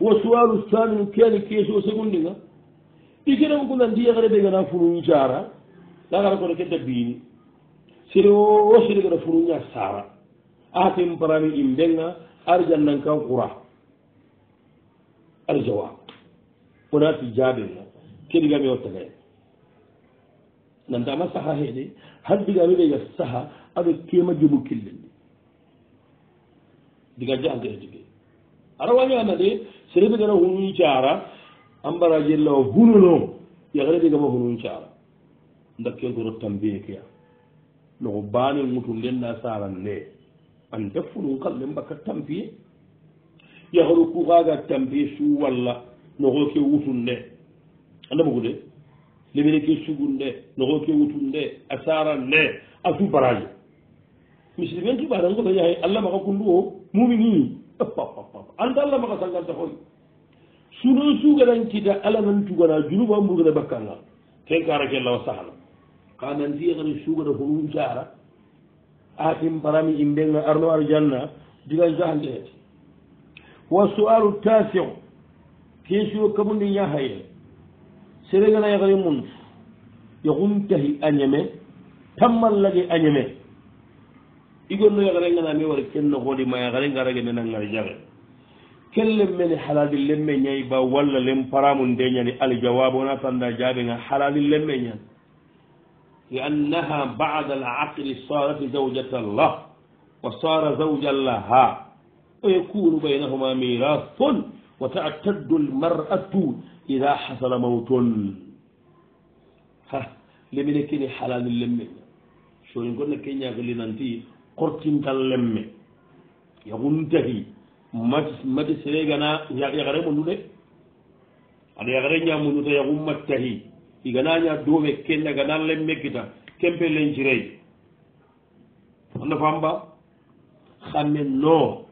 wo suwalu samine keani keeso segondi nga ikene gunda ndiyakare ɓegana furuñ jara lakara kono ke dabbini sere o sere gada furuña sara atim parani in ɓenga ar jannan kan qura ar jawa onati jaɓenga keɗigami o tagaye nantama saha heɗe har digami ɓega saha aɗo kema jomu killelɗi diga jahaga tigue ara wañana de sere ɓegana huruñ jara ambarajella o hunono yaxere ɗega ma hunun cara ndakke goro tambekeya noxo bane ŋutu nden na saran nde an defunun kam men mbakka tampiye yaxoru ku xaga tampiye su walla noxo ke wutun nde andamugude lemene ke sugun nde noxo ke wutun nde a saran nde a su baraje mislimen tuɓatan ko ta yaxe allah maxa kundu o mumini pa anta allah maxa sangantaxoy suno suganankita ala nantugana junuba mbugana bakkanga ken kara kellawa sahala ka nanti yakani sugana ko um sara atim barami imbenga arno ar janna digan sahandeete wa sualu tasiu ke suro kamundi ñahaye serengana yakani mun yakuntahi añeme tammal lage añeme igonno yakarengana mi war kenna hoodi ma yakarengarage menangar jare kellen men halali lemme ñayi ba wala lem paramu len paramun al aljawab na tanda jabe nga halali lemme nyan ñani annaha bada al aqli sarat zawjat allah wa sara zauja laha wa yakunu ويكون بينهما ميراث وتعتد المرأة إذا حصل موت ها لمن كني حلال اللمي شو نقول kenya galinanti qortin ننتي lemme تلمي يغنتهي mat mati sere gana yaq yaqare mo nude aɗa yaqare ñammo nude yaqummat tahi i gana ña doɓe kenna gana len mekkita kempe len cirey anda famba xamme no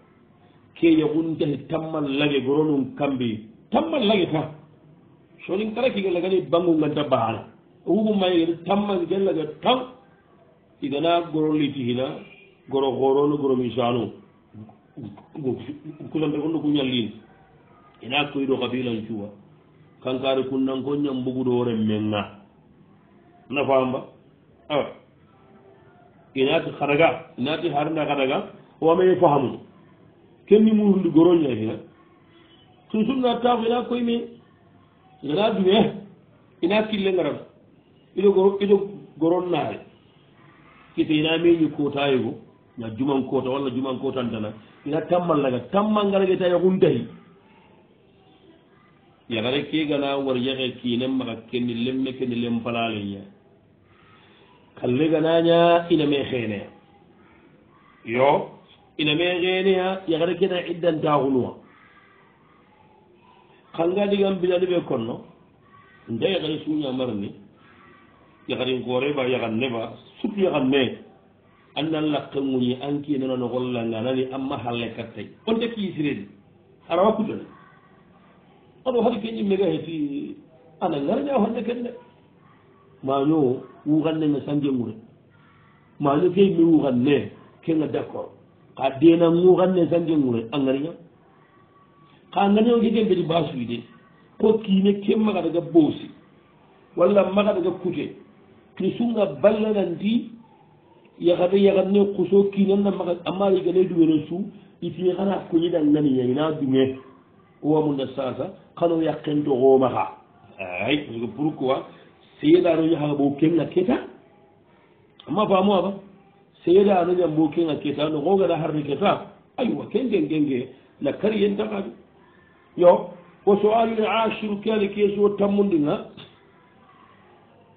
ke yaqun tahi tammal lage goronum kambi tammal lage ta sonin kara kiga lagani bangu nganta baana ugumayeged tammal gellaga tan i gana goro litihina goro xoorono goro misanu kusante gon ɗo ku ñallino ina koy ɗo kafilan cuwa kankari kunnanko ñam mbuguɗoren men ga nafamba a inati hataga inati harna hataga wamay fahamu kenni muhuldi goroña hina sunsumna taako ina koy me gana dume ina kille ngaran iɗo goro iɗo goron naare kite ina meñi kotayego na juman kota walla juman kotantana ina tammal laga tammal ngalageta yogundahi yagare ke gana war yaxe kiine maxa keni lemme keni lem palaleña kalle ganaña ina me xeeneya yo ina me xeeneya yagare keta iddantaxunuwa xanga digan bilani ɓe konno nda yagare suñamarni yagarin koore ba yagan neba surtout yagan mee annan laftanguñi anki nana no hollanga nani amma halle kat tay on de kiisireni ara wakkudona ono hade keñi mega heti ana garña hande kenne maño wuxannenga sangengure maño key mi wuxanne kenga d' accord xa dena nguxanne sangengure a ngariña xa ngariñao jege mbedi basuide ko kiine ke maxa daga boosi walla maxa daga cute ni sunga ballananti yakata yakat ne kuso kinanna maa amari gane dumene su iti kana kuñidan nani yayina dume womunda sasa kano yakkentoxomaxa ay parce que pour quoi seyedano yahaɓo kenga keta ama famu afa seyedano yambo kenga keta no xogata harne keta aywa ken ken kenke na kariyen taxaɓe yo o soalil ashiru kene keso tammundinga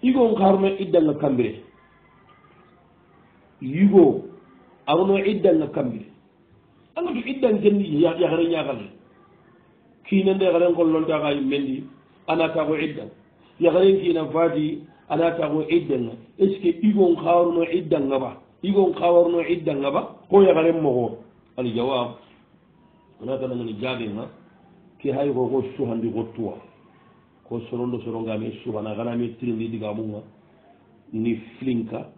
igon xarme iddanga kambire yugo aruno iddan no kambire angatu iddan jenni yaxre ñaxale kiina nde xare ngollonta xa mendi ana taxo iddan yaxren kiina fati ana taxo iddanga est ce que igon xawaruno iddanga ba igon xawaruno iddanga ba ko yaxren moxo al jawab ana tanangani jaɓenga ke hay koko suxandi xottuwa ko sorondo sorongame suxana xanami trindi digamunga ni flinka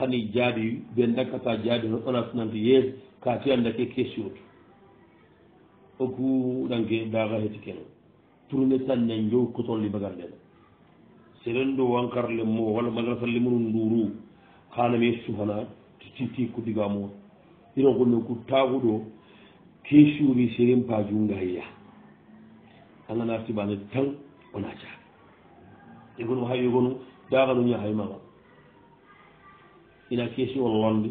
kani jaadi ɓe dakkata jaadi no onasnante yees ka fi andake kesioto oku ɗanke daga heti kene tourne tanne jow kotolli bagar ɗen seɗen ɗo wankarle mo walla magarasalle munu nduru hanami sufana titi ko digamoo ino gonne ku taguɗo kesiori serin paju ngayya angana artibane tan ona caa e gono hayi gonu dagano ñahaymama ina keesi ol londe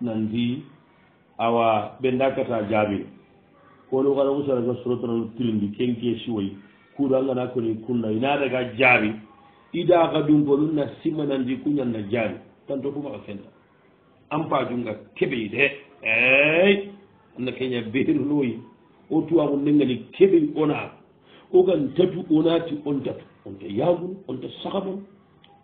na ndi awa ɓe dakkata jaamin kono kada usaraga sorotona tirindi ken keesi wayi kuuranngana koni kunna inaadaga jaami idaaka ɗum ko ɗum na sima na ndi kuñanna jaami tan to fumaka fenna ampajunga keɓey de ey anna keña beerunoyi o tuwamu ndengani keɓey onaa ogan tatu onaati on tatu onta yaagun onta sahabon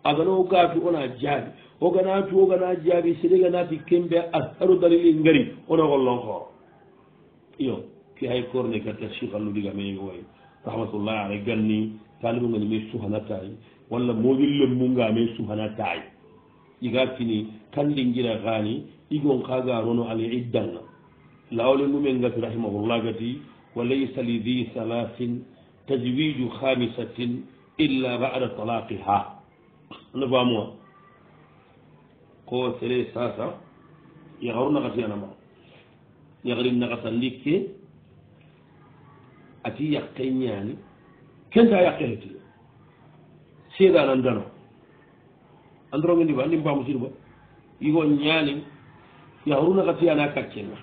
agana ogatu ona jaabi oganatu ogana jaabi sede ganati kembe asharu dalili ngari ona gollon hooro iyo ki hay korne gatta cheikh alludiga meñego way rahmatullahi alay ganni talibu ngani me suhanatayi walla moƴolle munga me suhanatayi iga kini kandingira gani igon kagarono ala iddanga lawle mumen gati rahimahullah gati walaysa lidhi salasin tajwiju khamisatin illa bada talaqiha ana famuwa ko sere sasa yaharu nakati anama yahari nakata likke ati yakke ñani kenta yakke heti sedanan dano androgendiba andi mbamu sirba yigo ñani yaharu nakati ana kaccenga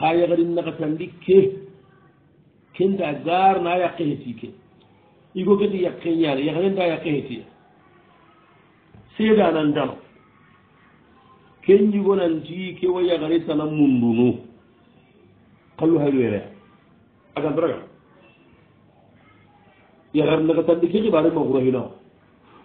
ka yahari nakata likke kenta garna yakke heti ke yigo keti yakke ñani yaharenta yakke hetie seedanandano kenjigonanti ke wa yagaritana munduno kallu hayluwere agandoraga yagarnagatandi ke xibare maguraxino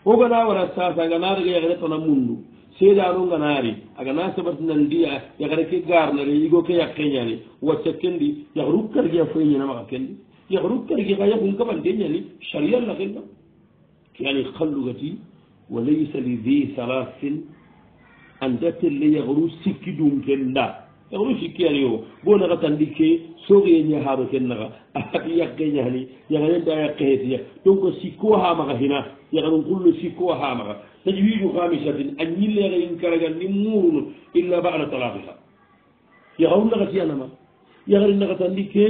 ogana wara sasa aganaraga yagaritana mundu seedano nganari agana sabartinandi yagare ke garnare yigo ke yakkeñani wacca kendi yaxru kargea foye ñinamaxa kendi yaxru kargi xa yaxun kabante ñani sharia laxenna keani kallugati وليس لذي ثلاث أن تتل لي سكي سكدون كلا يغلو سكيا ليو يعني بونا غتن لكي سوغي ينهارو كلا أحد يقين يهلي يغلين دا يقيه تيا دونك سكوها مغا هنا يغلو كل سكوها مغا تجويد خامسة أن يلي يغلين كرغا نمون إلا بعد طلاقها يغلو لغا سيانا ما يغلين نغتان ديكي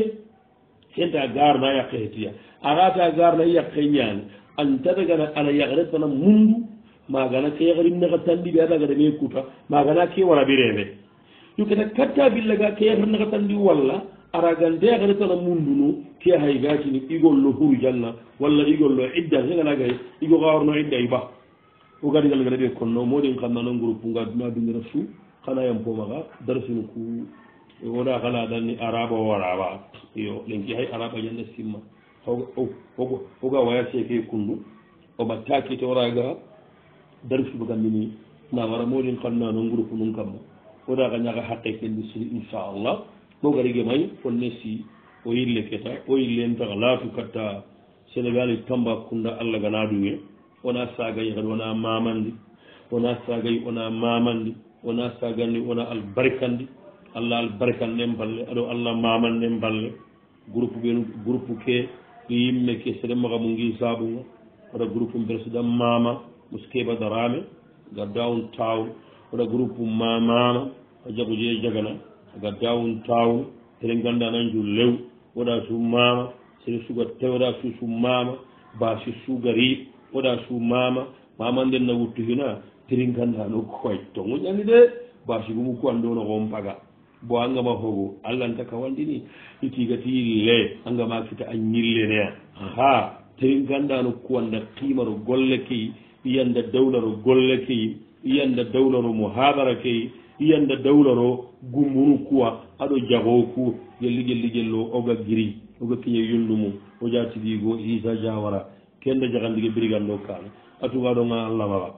kenta garna yakkehetiya agata garna yakkeñani an tadagana ana yagre tana mundu magana ke yagrim naga tandi be adagare me kuta magana ke wala birebe yukena katta billaga ke yagrim naga tandi walla ara gan de yagre tana mundu no ke hay gati ni igol lo huru janna walla igol lo idda ngana gay igol gawr no idda iba o gadi gal gade be konno modin xamna no groupe ngad ma bindira su xana yam po maga darsin ku wona xala dan ni araba waraba yo lenki hay araba janna simma oga wayaseke e kundu oma takite oraga darsubagamini na wara molin kamna no groupe num kamma oraga ñaga haqe kendi sur inchallah bo garige may fonne si o yille keta o yillen taxa laatu katta sénégal i e tamba kunda allah gana duge wona sagay kadi wona mamandi wona sagay wona mamandi wona sagandi wona albarkandi allah albarkande balle aɗo allah mamande balle groupe ɓen groupe ke yimme kesere magamu ngi saabunga oɗa groupe bereseda mama mo skeba darame ga down town oɗa groupe ma mama a jagojee jagana ga down town ere ganda nanju lew oɗa su mama sere suga tew oɗa su su mama basi sugari oɗa su mama mama nden na wuttu hina tiri ganda no koy tongo ƴani de basi gumu ko andono kon paga bo angama fogo allah ntaka wandini i tigatiri le angama kita a ñillenea aha terin gandano kuwanda qimaro golle key iyanda dawlaro golle key iyanda dawlaro muhabara key iyanda dawlaro gumunu kuwa aɗo jago ku jelli jelli jello oga giri oga kiña yundu mum o jatidigo isa jawara kenda jagandige brigando kala atugaɗonga allah maɓa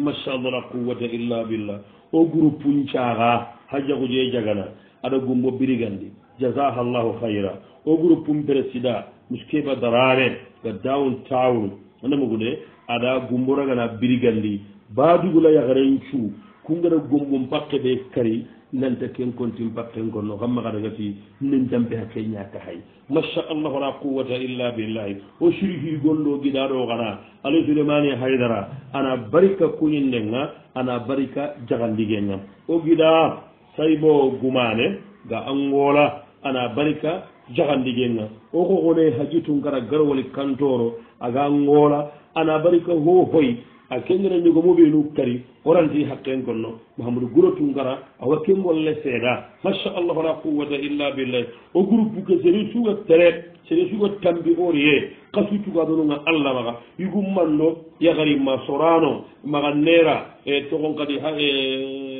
masallah la quwata illa billah o groupe uncaga hajja ko joye jagana aɗa gumbo birigandi jasahallahu hayra o groupe um présida miskeba darare ga dawn town anamogude aɗa gumboragana birigandi badugula yakaren cu kungara gombum pakke ɓe kari nanta ken kontin pakken konno kamma kada gati nen jampe hakke ñaka hay masha allahu la quwata illa billahi o surihi gonɗo giɗaɗo kana alay souleymani haydara ana barika kuñindenga ana barika jagandigenga o giɗa say bo gumane ga angola ana barika jahandigenga oko one hajitun kara garwali kantoro aga angola ana barika hohoy a kengere ñugo muɓenu kari oranti hakken gonno mahamadou gurotun gara awa kengolle seeda machallahu la quwata illa billah o groupe ke seri suga tereɓ seri suga tambi oriye kasu cugadonunga allah maga yugummanɗo yagari ma sorano maga nera e togon kadi ha e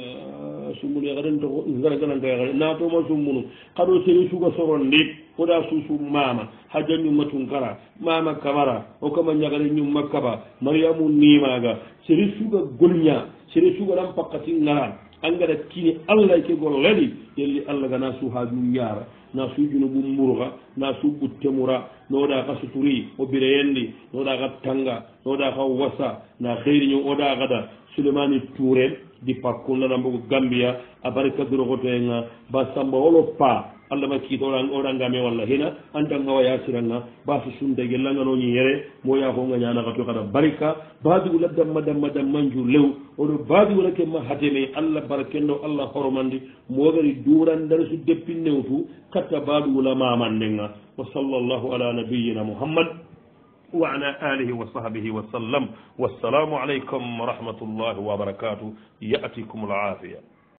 sumbunu yaxa den to zaraganante yaxa na toma sumbunu xaɗo seri suga soro ndiɓ foɗa susu mama haja ñumma tunkara mama kamara o kama ñagade ñumma kaba mariamu nimaga seri suga golña seri suga ɗan pakkati ngara angara kini allah ke golleɗi yelli allah ga na su haju yara na su junu ɓum murxa na su ɓutte mura noɗa xa suturi o bireyendi noɗa xa tanga noɗa xa wasa na xeeriñu oɗa xada suleimani tuurel di parcour nanambogo gambia a barika drogotoyenga ba samba wolo pa allah ma kiita oɗangame walla hina andanga wa yasiranga baso sunda gellanganoñi yere mo yahonga ñanakato kata barika baadi wula damma damma dammanju lew oɗo baadi wula kenma hateme allah barakendo allah horomandi mogari durandan su deppinnewtu katta baadi wula mamandenga wa sall llahu ala nabiyina muhammad وعلى آله وصحبه وسلم والسلام عليكم ورحمة الله وبركاته يأتيكم العافية